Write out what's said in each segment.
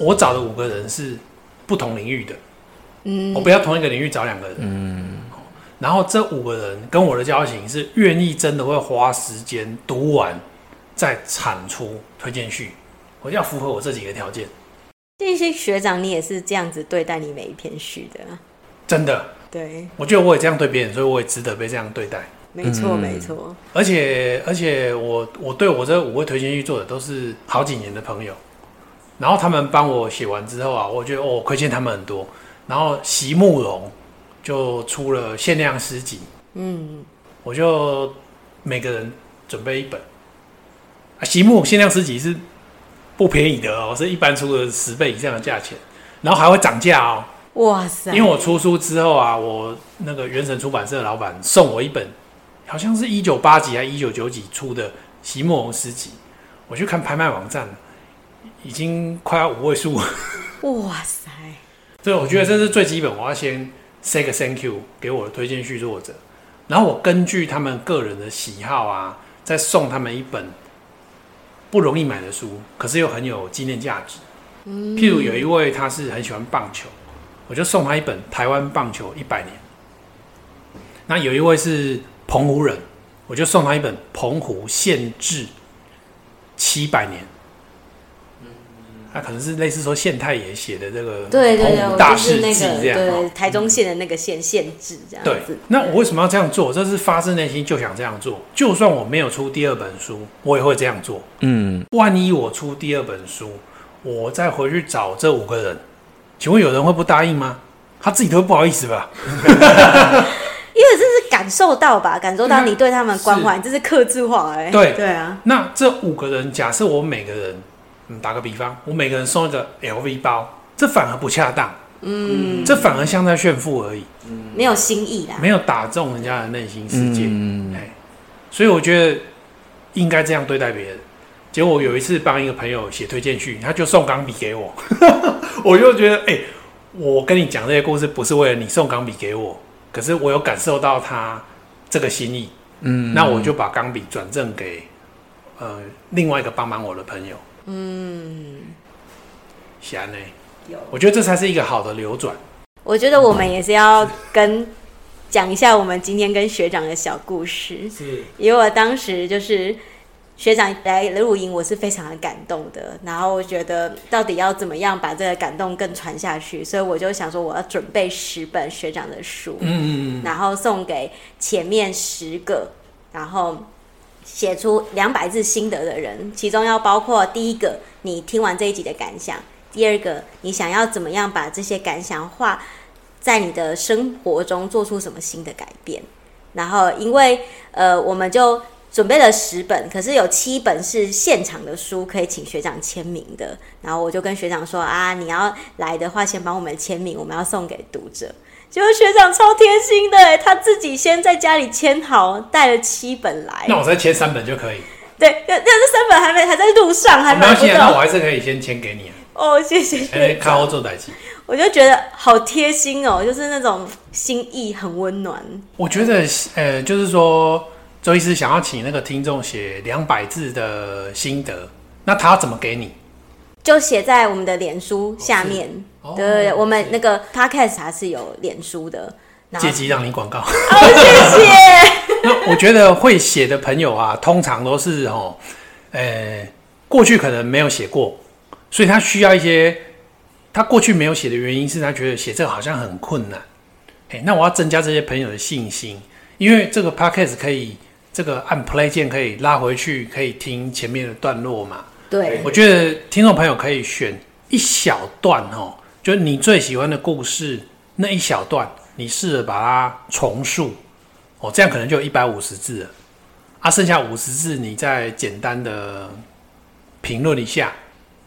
我找的五個人是不同領域的，嗯，我不要同一個領域找兩個人，嗯。然後這五個人跟我的交情是願意真的會花時間讀完，再產出推薦序，我就要符合我這幾個條件，嗯。嗯，這些學長，你也是這樣子對待你每一篇序的？真的，嗯，對，我覺得我也這樣對別人，所以我也值得被這樣對待。沒錯、嗯，沒錯。而且，而且我，我我對我這五位推薦去做的都是好幾年的朋友，然後他們幫我寫完之後啊，我覺得、哦、我虧欠他們很多。然後席慕蓉就出了限量詩集。嗯，我就每個人準備一本啊。席慕限量詩集是不便宜的哦，是一般出個十倍以上的價錢，然後還會漲價哦。哇塞！因為我出書之後啊，我那個圓神出版社的老闆送我一本。好像是一九八幾還一九九幾出的席慕容詩集，我去看拍賣網站，已經快要五位數了，哇塞 所以我覺得這是最基本，我要先 say 個 thank you 給我的推薦序作者，然後我根據他們個人的喜好啊，再送他們一本不容易買的書，可是又很有紀念價值。譬如有一位他是很喜歡棒球，我就送他一本《台灣棒球一百年》。那有一位是。澎湖人，我就送他一本《澎湖縣志》，七百年。他、嗯、那、嗯啊、可能是類似說縣太爺寫的這、那個對，對，對《大事記》、那個這樣。對對對，台中縣的那個縣縣志這樣。對，那我為什麼要這樣做？這是發自內心就想這樣做。就算我沒有出第二本書，我也會這樣做。嗯，萬一我出第二本書，我再回去找這五個人，請問有人會不答應嗎？他自己都不好意思吧？ 因為這是。感受到吧，感受到你對他們關懷、嗯，這是客製化哎。對對啊，那這五個人，假設我每個人，打個比方，我每個人送一個 LV 包，這反而不恰當，嗯，這反而像在炫富而已、嗯，沒有心意啦，沒有打中人家的內心世界。嗯，所以我覺得應該這樣對待別人。結果有一次幫一個朋友寫推薦序，他就送鋼筆給我， 我就覺得，哎、欸，我跟你講這些故事，不是為了你送鋼筆給我。可是我有感受到他這個心意，嗯，那我就把鋼筆轉贈給、呃、另外一個幫忙我的朋友，嗯，謝安呢，有，我覺得這才是一個好的流轉。我覺得我們也是要跟講一下我們今天跟學長的小故事，是，因為我當時就是。學長來錄音，我是非常的感動的。然後我覺得到底要怎麼樣把這個感動更傳下去，所以我就想說，我要準備十本學長的書，嗯，然後送給前面十個，然後寫出兩百字心得的人，其中要包括第一個你聽完這一集的感想，第二個你想要怎麼樣把這些感想化在你的生活中，做出什麼新的改變。然後因為呃，我們就。準備了十本，可是有七本是現場的書，可以請學長簽名的。然後我就跟學長說：“啊，你要來的話，先幫我們簽名，我們要送給讀者。”結果學長超貼心的，他自己先在家裡簽好，帶了七本來。那我再簽三本就可以。對，但要這三本還沒還在路上，還蠻抱歉。沒關係，那我還是可以先簽給你哦，謝謝。哎、欸，卡好做代誌。我就覺得好貼心哦、喔，就是那種心意很溫暖。我覺得呃、欸，就是說。周醫師想要請那個聽眾寫兩百字的心得，那他要怎麼給你？就寫在我們的臉書下面。哦哦、對，對，對，我們那個 Podcast 它是有臉書的。借機讓你廣告好、哦，謝謝。 那我覺得會寫的朋友啊，通常，都是哦、喔，呃、欸，過去可能沒有寫過，所以他需要一些他過去沒有寫的原因是他覺得寫這個好像很困難，欸。那我要增加這些朋友的信心，因為這個 Podcast 可以。這個按 Play 鍵可以拉回去，可以聽前面的段落嘛？對，我覺得聽眾朋友可以選一小段哦，就你最喜歡的故事那一小段，你試着把它重述，哦，這樣可能就有一百五十字了啊，剩下五十字你再簡單的評論一下，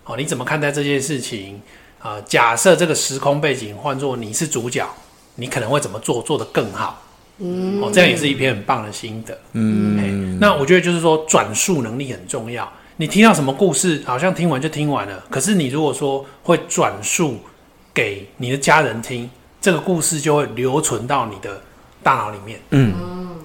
哦，你怎麼看待這件事情啊，呃，假設這個時空背景換作你是主角，你可能會怎麼做？做得更好？哦，這樣也是一篇很棒的心得。嗯，那我覺得就是說轉述能力很重要。你聽到什麼故事，好像聽完就聽完了。可是你如果說會轉述給你的家人聽，這個故事就會留存到你的大腦裡面。嗯，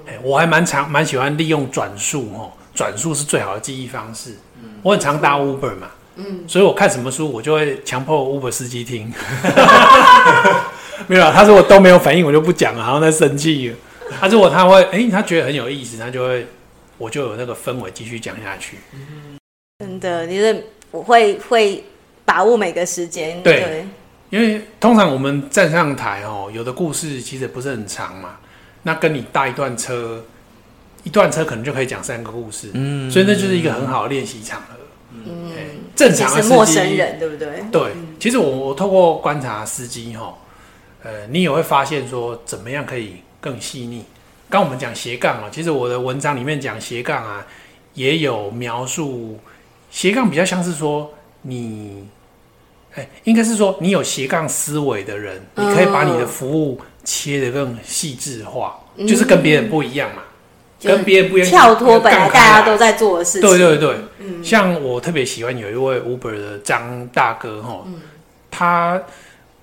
哎，我還蠻常蠻喜歡利用轉述哈，轉述是最好的記憶方式。嗯，我很常搭 Uber 嘛，嗯，所以我看什麼書，我就會強迫 Uber 司機聽。 沒有，他說我都沒有反應，我就不講了，然後再生氣。他、 啊、如果他會哎，他覺得很有意思，他就會，我就有那個氛圍繼續講下去。嗯、真的，你是，我會會把握每個時間。對，對，因為通常我們站上台哦，有的故事其實不是很長嘛。那跟你搭一段車，一段車可能就可以講三個故事。嗯，所以那就是一個很好的練習場合。嗯，嗯，正常的是陌生人，對不對？對，嗯、其實我我透過觀察司機哈、哦，呃，你也會發現說怎麼樣可以。更細膩。剛我們講斜槓啊、哦，其實我的文章裡面講斜槓啊，也有描述斜槓比較像是說你，應該是說你有斜槓思維的人，哦、你可以把你的服務切得更細致化、嗯，就是跟別人不一樣嘛，嗯、跟別人不一樣，就是、不一樣跳脫槓槓、啊、本來大家都在做的事情。對對對，嗯、像我特別喜歡有一位 Uber 的張大哥哈、哦嗯，他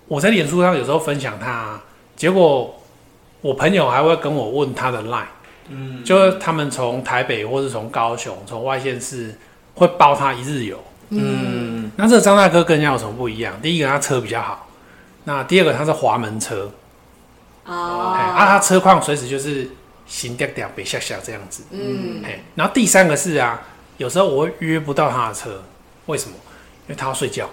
我在臉書上有時候分享他，結果。我朋友還會跟我問他的 line，嗯，就是他們從台北或是從高雄，從外縣市會包他一日遊，嗯，那這個張大哥跟人家有什麼不一樣？第一個他車比較好，那第二個他是滑門車，哦，啊，他車況隨時就是新掉掉、白瞎瞎這樣子，嗯，哎，然後第三個是啊，有時候我會約不到他的車，為什麼？因為他要睡覺，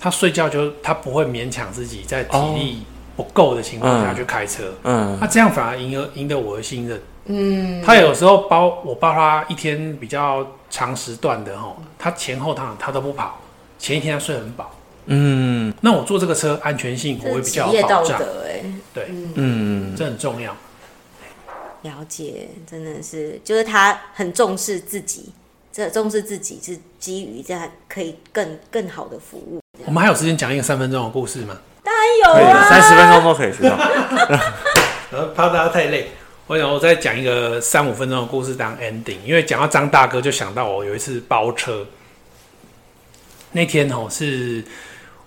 他睡覺就他不會勉強自己在體力。哦不夠的情況下去開車，嗯，那、嗯啊、這樣反而贏得贏得我的信任，嗯，他有時候包我包他一天比較長時段的哈，他前後他他都不跑，前一天他睡很飽，嗯，那我坐這個車安全性我會比較好保障，哎、欸，對，嗯，這很重要，了解，真的是，就是他很重視自己，這重視自己是基於這樣可以更更好的服務。我們還有時間講一個三分鐘的故事嗎？可以了，三十、啊、分鐘都可以學到。然 後 怕大家太累，我想我再講一個三五分鐘的故事當 ending。因為講到張大哥，就想到我有一次包車，那天吼是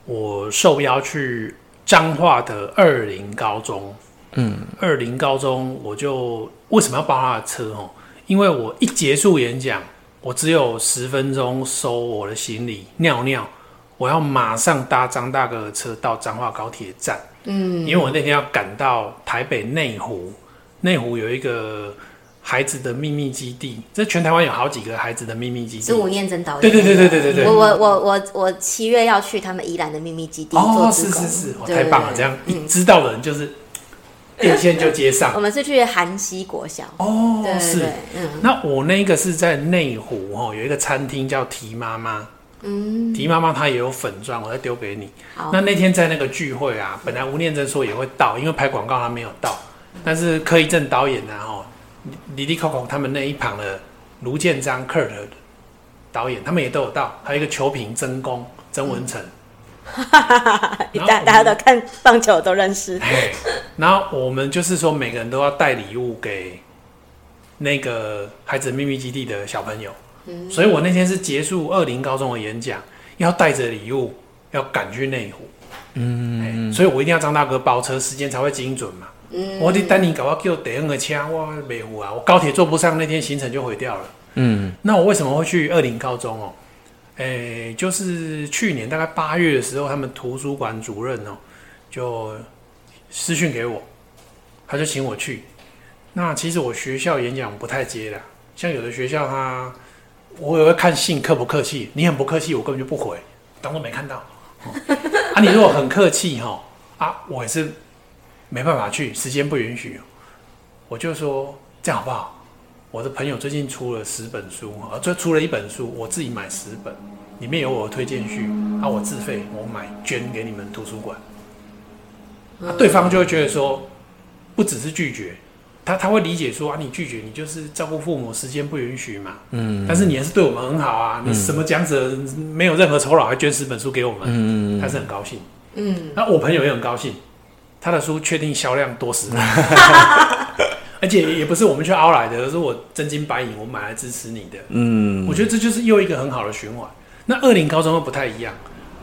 我受邀去彰化的二林高中。嗯，二林高中我就為什麼要包他的車吼？因為我一結束演講，我只有十分鐘收我的行李、尿尿。我要馬上搭張大哥的車到彰化高鐵站，嗯，因為我那天要趕到台北內湖，內湖有一個孩子的秘密基地，這全台灣有好幾個孩子的秘密基地。是吳念真導演。對對對對對對。我我我我我七月要去他們宜蘭的秘密基地。哦，是是是，對對對哦、太棒了對對對，這樣一知道的人就是電線就接上。嗯、 我們是去韓西國小。哦對對對，是。嗯，那我那個是在內湖哦，有一個餐廳叫提媽媽。嗯，迪媽媽她也有粉鑽，我再丟給你。好，那那天在那個聚會啊，本來吳念真說也會到，因為拍廣告他沒有到，但是柯一正導演呢、啊，吼、哦、Coco 他們那一旁的盧建彰、Kurt 導演，他們也都有到，還有一個球評曾公、曾文誠，哈、嗯，大 大家都看棒球都認識 嘿。然後我們就是說，每個人都要帶禮物給那個孩子秘密基地的小朋友。所以我那天是結束二林高中的演講，要帶着禮物，要趕去內湖。嗯、欸，所以我一定要張大哥包車，時間才會精準嘛。嗯哦、你你給我的單你搞到叫得恩個車哇，內湖啊，我高鐵坐不上，那天行程就毀掉了。嗯，那我為什麼會去二林高中哦、喔？哎、欸，就是去年大概八月的時候，他們圖書館主任哦、喔，就私訊給我，他就請我去。那其實我學校演講不太接的，像有的學校他。我也會看信客不客氣。你很不客氣，我根本就不回，當我沒看到。嗯、啊，你如果很客氣，哈啊，我也是沒辦法去，時間不允許。我就說，這樣好不好？我的朋友最近出了十本書，啊，就出了一本書，我自己買十本，裡面有我的推薦序，啊我費，我自費我買捐給你們圖書館。那、啊、對方就會覺得說，不只是拒絕。他他會理解說啊，你拒絕你就是照顧父母時間不允許嘛，嗯，但是你還是對我們很好啊，你什麼講者、嗯、沒有任何酬勞還捐十本書給我們，嗯，他是很高興，嗯，那、啊、我朋友也很高興，他的書確定銷量多十， 而且也不是我們去凹來的，而是我真金白銀我買來支持你的，嗯，我覺得這就是又一個很好的循環。那二林高中又不太一樣，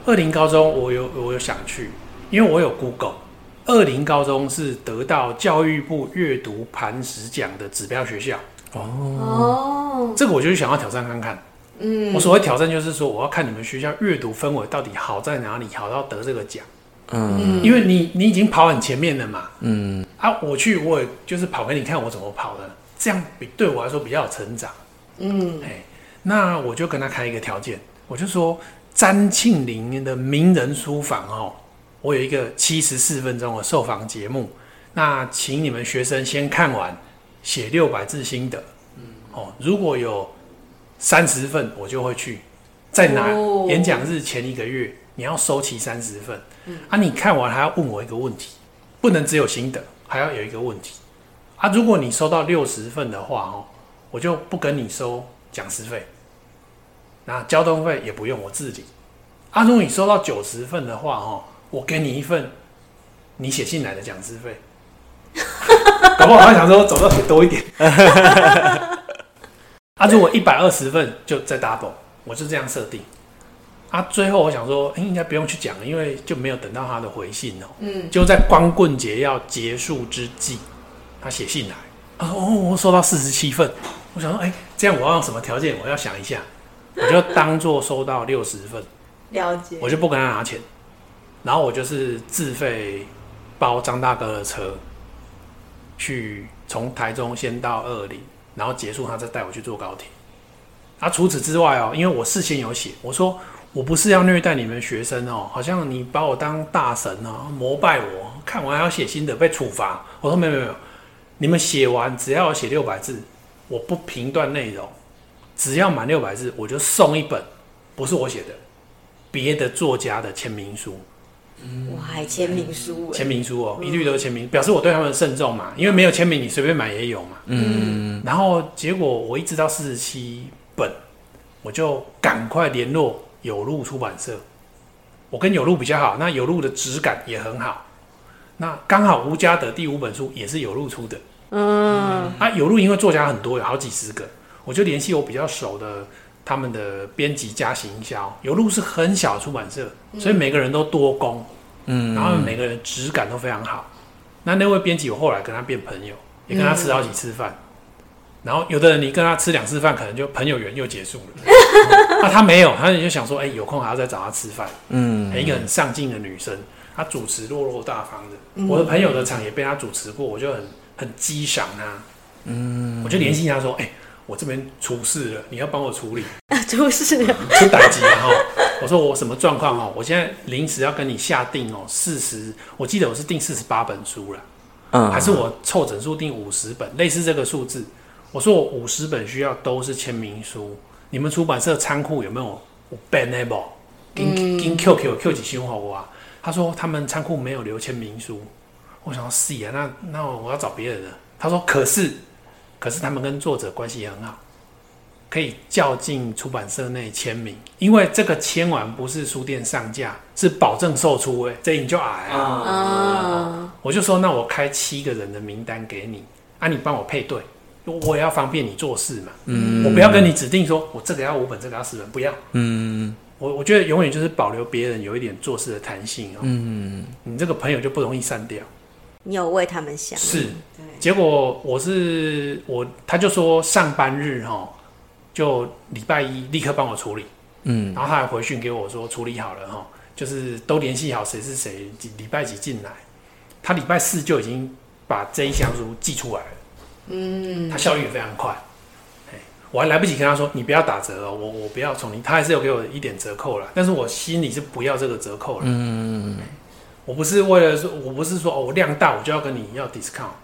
二林高中我有我有想去，因為我有 Google。二林高中是得到教育部閱讀磐石獎的指標學校哦，oh. 這個我就想要挑戰看看。嗯、mm.，我所謂挑戰就是說，我要看你們學校閱讀氛圍到底好在哪裡，好到得這個獎。嗯、mm.，因為你你已經跑很前面了嘛。嗯、mm.，啊，我去，我也就是跑給你看我怎麼跑的，這樣比對我來說比較有成長。嗯、mm. 欸，那我就跟他開一個條件，我就說詹慶齡的名人書房哦、喔。我有一個七十四分鐘的受訪節目，那請你們學生先看完，寫六百字心得。哦，如果有三十份，我就會去。在拿演講日前一個月，哦、你要收齊三十份。啊，你看完還要問我一個問題，不能只有心得，還要有一個問題。啊，如果你收到六十份的話、哦，我就不跟你收講師費。那交通費也不用我自己。啊，如果，你收到九十份的話，哦我給你一份，你寫信來的講師費，搞不好他想說我走的寫多一點。 啊，如果一百二十份就再 double，我就這樣設定。啊，最後我想說、欸、應該不用去講，因為就沒有等到他的回信哦。嗯，就在光棍節要結束之際，他寫信來啊，哦，我收到四十七份，我想說，哎，這樣我要有什麼條件？我要想一下，我就當做收到六十份，了解，我就不跟他拿錢。然後我就是自費包張大哥的車，去從台中先到二林，然後結束他再帶我去坐高鐵。啊，除此之外哦，因為我事先有寫，我說我不是要虐待你們學生哦，好像你把我當大神啊、哦，膜拜我，看完要寫心得被處罰。我說沒有沒有，你們寫完只要寫六百字，我不評斷內容，只要滿六百字我就送一本不是我寫的別的作家的簽名書。哇，簽名書、欸！簽名書哦、喔嗯，一律都是簽名，表示我對他們慎重嘛。因為沒有簽名，你隨便買也有嘛嗯。嗯，然後結果我一直到四十七本，我就趕快聯絡有路出版社。我跟有路比較好，那有路的質感也很好。那剛好吳家德第五本書也是有路出的。嗯，啊，有路因為作家很多，有好幾十個，我就聯繫我比較熟的。他們的編輯加行銷，有路是很小的出版社，所以每個人都多工，嗯，然後每個人質感都非常好。那那位編輯，我後來跟他變朋友，也跟他吃好幾次飯。然後有的人，你跟他吃兩次飯，可能就朋友緣又結束了。那、嗯 啊、他沒有，他就想說，哎、欸，有空還要再找他吃飯。嗯、欸，一個很上進的女生，她主持落落大方的。我的朋友的場也被她主持過，我就很很激賞她。嗯，我就聯繫她說，哎、欸。我這邊出事了，你要幫我處理、啊。出事了，嗯、出打擊了哈！ 我說我什麼狀況哦，我現在臨時要跟你下定哦，四十，我記得我是定四十八本書了，嗯，還是我湊整數定五十本，類似這個數字。我說我五十本需要都是簽名書，你們出版社倉庫有沒有？enable 跟 QQ、QQ 起訊我啊，他說他們倉庫沒有留簽名書，我想說是啊，那那我要找別人了。他說可是。可是他們跟作者關係很好，可以叫進出版社內簽名，因為這個簽完不是書店上架，是保證售出誒、欸、這你就矮啊，啊！我就說，那我開七個人的名單給你，啊，你幫我配對我，我也要方便你做事嘛、嗯，我不要跟你指定說，我這個要五本，這個要十本，不要。嗯，我我覺得永遠就是保留別人有一點做事的彈性、喔嗯、你這個朋友就不容易散掉。你有為他們想是，結果我是我，他就說上班日吼，就禮拜一立刻幫我處理，嗯，然後他還回訊給我說處理好了吼，就是都聯繫好誰是誰，幾禮拜幾進來，他禮拜四就已經把這一箱書寄出來了，嗯，他效率也非常快，我還來不及跟他說你不要打折了，哦，我我不要從你，他還是有給我一點折扣了，但是我心裡是不要這個折扣了，嗯。嗯我不是為了說，我不是說哦，我量大我就要跟你要 discount，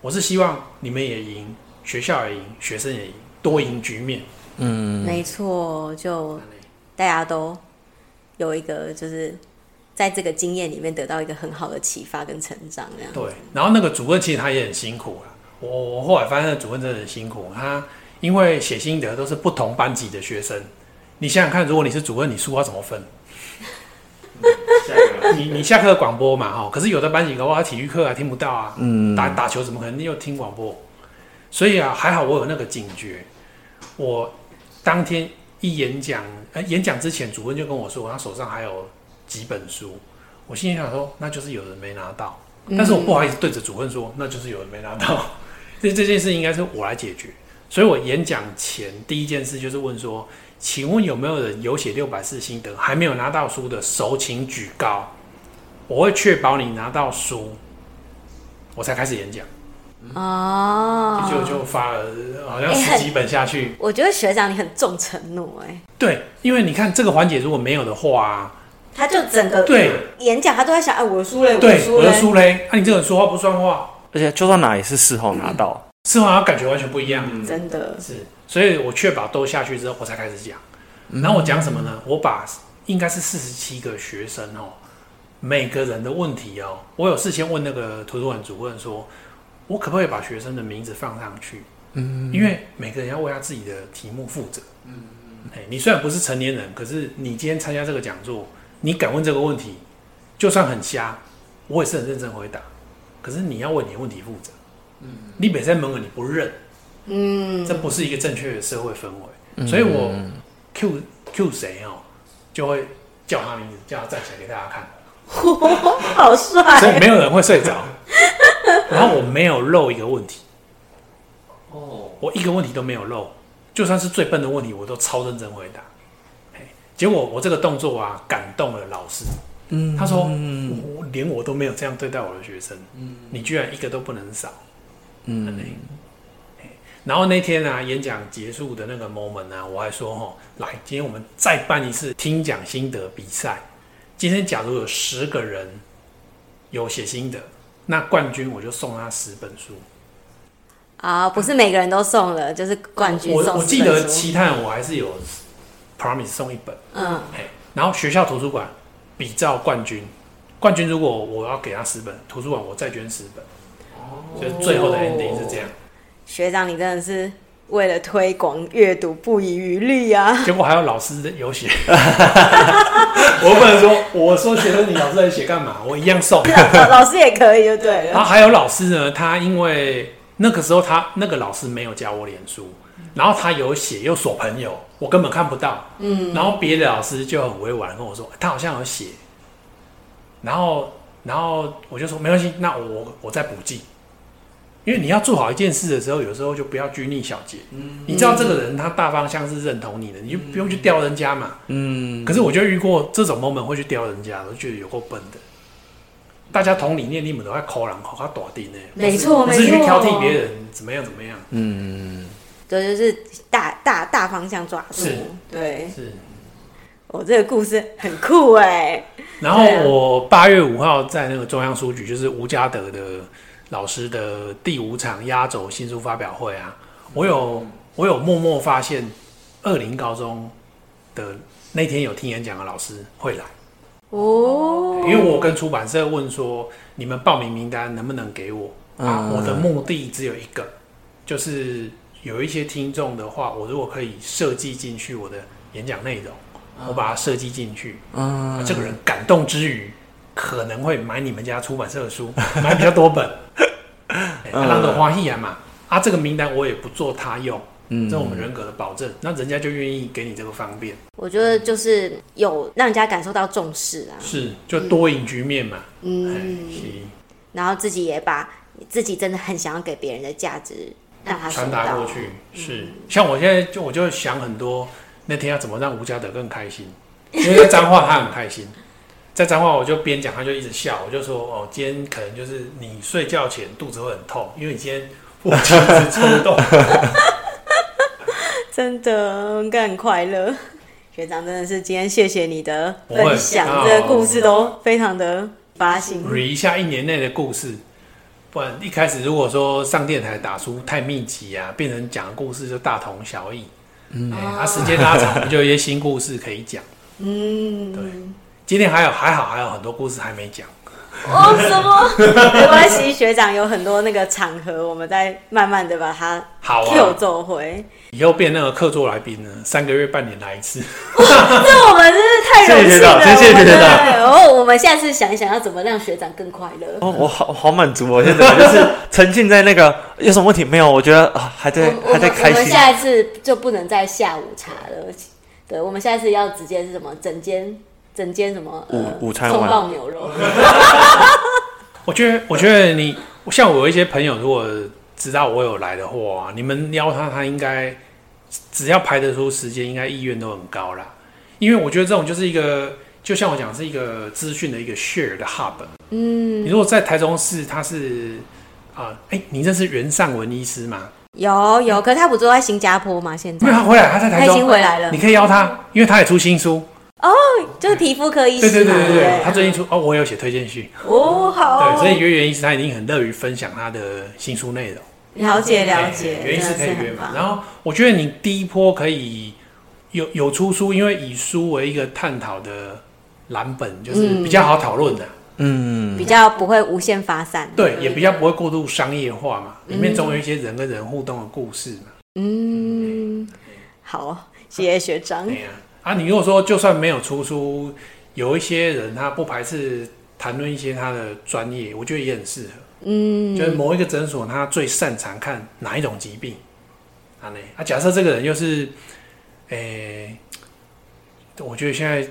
我是希望你們也贏，學校也贏，學生也贏，多贏局面。嗯，沒錯，就大家都有一個，就是在這個經驗裡面得到一個很好的啟發跟成長，這樣。對，然後那個主任其實他也很辛苦啊，我我後來發現那主任真的很辛苦，他因為寫心得都是不同班級的學生，你想想看，如果你是主任，你書要怎麼分？你 你下課廣播嘛哈，可是有的班級的話，體育課還聽不到啊。嗯。打打球怎麼可能你又聽廣播？所以啊，還好我有那個警覺。我當天一演講，哎、呃，演講之前，主任就跟我說，他手上還有幾本書。我心裡想說，那就是有人沒拿到。嗯、但是我不好意思對着主任說，那就是有人沒拿到。這 這件事應該是我來解決。所以我演講前第一件事就是問說，請問有沒有人有寫六百四心得還沒有拿到書的手，請舉高。我會確保你拿到書，我才開始演講、嗯。哦，就就發了好像十幾本下去、欸。我覺得學長你很重承諾哎、欸。對，因為你看這個環節如果沒有的話，他就整個對、嗯、演講他都在想：哎，我的書嘞，我的書嘞，啊，你這個人說話不算話。而且就算拿也是事後拿到，嗯、事後他感覺完全不一樣，嗯、真的是。所以我確保都下去之後，我才開始講、嗯嗯。然後我講什麼呢？嗯、我把應該是四十七個學生哦、喔。每個人的問題哦、喔，我有事先問那個圖書館主任說，我可不可以把學生的名字放上去？嗯，因為每個人要為他自己的題目負責。嗯，你雖然不是成年人，可是你今天參加這個講座，你敢問這個問題，就算很瞎，我也是很認真回答。可是你要為你的問題負責。嗯，你本身門口你不認，嗯，這不是一個正確的社會氛圍。所以我 cue，cue 誰哦，就會叫他名字，叫他站起來給大家看。 好帥！所以沒有人會睡着。然後我沒有漏一個問題。哦，我一個問題都沒有漏，就算是最笨的問題，我都超認真回答。結果我這個動作啊，感動了老師。他說我，連我都沒有這樣對待我的學生。你居然一個都不能少。嗯。然後那天呢、啊，演講結束的那個 moment 呢、啊，我還說，齁，來，今天我們再辦一次聽講心得比賽。今天假如有十個人有寫心得，那冠軍我就送他十本書。啊、oh，不是每個人都送了，嗯、就是冠軍送。Oh, 我我記得期探我還是有 promise 送一本。嗯。Hey, 然後學校圖書館比照冠軍，冠軍如果我要給他十本，圖書館我再捐十本，就、oh、最後的 ending 是這樣。學長，你真的是。為了推廣閱讀不遺餘力呀，結果還有老師有寫 我不能說我說寫了，你老師在寫幹嘛？我一樣送、 啊，老師也可以，就對了，然後還有老師呢，他因為那個時候他那個老師沒有加我臉書、嗯，然後他有寫又鎖朋友，我根本看不到。嗯，然後別的老師就很委婉跟我說，他好像有寫，然後然後我就說沒關係，那我我再補記。因為你要做好一件事的時候，有時候就不要拘泥小節。嗯，你知道這個人、嗯、他大方向是認同你的，你就不用去刁人家嘛。嗯。可是我就遇過這種 moment 會去刁人家，我覺得有夠笨的。大家同理念，你們都在摳人口，他打的呢。沒錯沒錯。不是去挑剔別人怎麼樣怎麼樣。嗯這就，就是大大大方向抓住。是。對。是。我、哦、這個故事很酷哎。然後我八月五號在那個中央書局，就是吳家德的，老師的第五場壓軸新書發表會啊，我有我有默默發現，二林高中的那天有聽演講的老師會來哦，因為我跟出版社問說，你們報名名單能不能給我？嗯、啊？我的目的只有一個，就是有一些聽眾的話，我如果可以設計進去我的演講內容，我把它設計進去，嗯，啊，這個人感動之餘。可能會買你們家出版社的書，買比較多本，讓他花心眼、啊、嘛。啊，這個名單我也不做他用，嗯，這是我們人格的保證，那人家就願意給你這個方便。我覺得就是有讓人家感受到重視啊，是就多贏局面嘛，嗯。然後自己也把自己真的很想要給別人的價值讓他傳達過去，是、嗯。像我現在就我就想很多，那天要怎麼讓吳家德更開心， 因為這張畫他很開心。在髒話，我就邊講，他就一直笑。我就說：“哦，今天可能就是你睡覺前肚子會很痛，因為你今天呼吸很激動。” 真的，更快樂。學長真的是今天，謝謝你的分享的故事都非常的發心。捋，一下一年內的故事，though, 不然一開始如果說上電台打書太密集啊，變成講故事就大同小異。嗯，那時間拉長，就有一些新故事可以講。嗯，對。今天還有還好還有很多故事還沒講，哦什麼？ 沒關係，學長有很多那個場合，我們再慢慢的把它好啊，走回以後變那個客座來賓呢，三個月半年來一次，這我們真是太榮幸了。謝謝學長，謝謝學長哦。我們下次想一想，要怎麼讓學長更快樂哦。我好好滿足哦，現在就是沉浸在那個有什麼問題沒有？我覺得啊，還在、嗯、還在開心。我們,我們下一次就不能再下午茶了，對，我們下一次要直接是什麼整間。診間什麼午午餐碗，中牛肉。 我覺得，我覺得你，像我有一些朋友，如果知道我有來的話、啊，你們邀他，他應該只要排得出時間，應該意願都很高啦。因為我覺得這種就是一個，就像我講，是一個資訊的一個 share 的 hub。嗯，你如果在台中市，他是啊，哎、呃欸，你認識袁尚文醫師嗎？有有，嗯、可是他不住在新加坡嗎？現在？沒他、啊、回來，他在台中回來了。你可以邀他，嗯、因為他也出新書。哦、oh，就是皮膚科醫生。對對對對，對，對、啊、他最近出哦，我有寫推薦信。哦，好哦。對，所以原因是他已經很樂於分享他的新書內容。了解了解、欸、了解，原因是可以約嘛。然後我覺得你第一波可以有有出書，因為以書為一個探討的藍本，就是比較好討論的嗯。嗯，比較不會無限發散、嗯。對，也比較不會過度商業化嘛。嗯、裡面總有一些人跟人互動的故事嘛。嗯，嗯好，謝謝學長。啊，你如果說就算沒有出書，有一些人他不排斥談論一些他的專業，我覺得也很適合。嗯，就是某一個診所他最擅長看哪一種疾病，啊那，啊。假設這個人又是，誒、欸，我覺得現在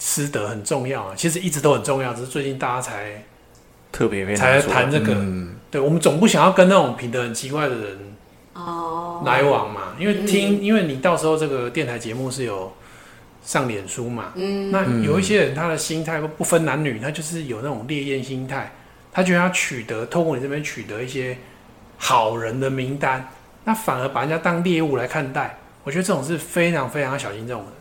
師德很重要啊，其實一直都很重要，只是最近大家才特別才談這個、嗯。對，我們總不想要跟那種品德很奇怪的人。哦、oh，來往嘛，因為聽、嗯，因為你到時候這個電台節目是有上臉書嘛，嗯，那有一些人他的心態會不分男女，他就是有那種獵艷心態，他覺得要取得透過你這邊取得一些好人的名單，那反而把人家當獵物來看待，我覺得這種是非常非常要小心這種人，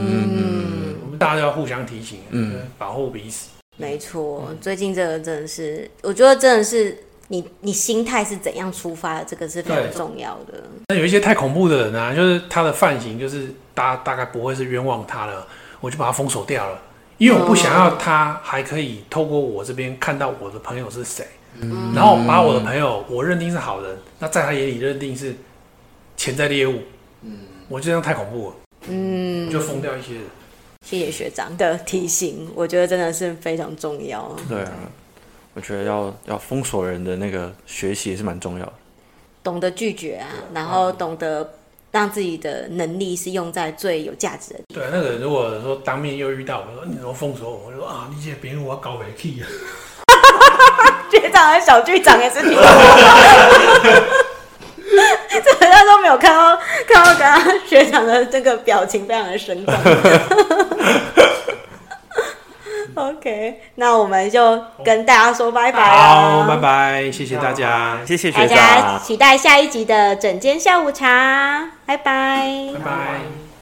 嗯，我們大家都要互相提醒，嗯，保護彼此。沒錯，最近這個真的是，嗯、我覺得真的是。你你心態是怎樣出發的？這個是非常重要的。那有一些太恐怖的人啊，就是他的犯行，就是大大概不會是冤枉他了，我就把他封鎖掉了，因為我不想要他還可以透過我這邊看到我的朋友是誰、哦，然後把我的朋友我認定是好人，那在他眼裡認定是潛在獵物、嗯，我覺得這樣太恐怖了，嗯，就封掉一些人。謝謝學長的提醒，我覺得真的是非常重要。對啊。我覺得要要封鎖人的那個學習也是蠻重要的，懂得拒絕啊，然後懂得讓自己的能力是用在最有價值的。對，那個如果說當面又遇到，我說你怎麼封鎖我？我就說啊，你姐別人我要搞沒基啊。 學長和小劇場也是你。這大家都沒有看到看到剛剛學長的這個表情非常的生動。 OK，那我們就跟大家說拜拜。好，拜拜，謝謝大家，謝謝大家，期待下一集的診間下午茶，拜拜，拜拜。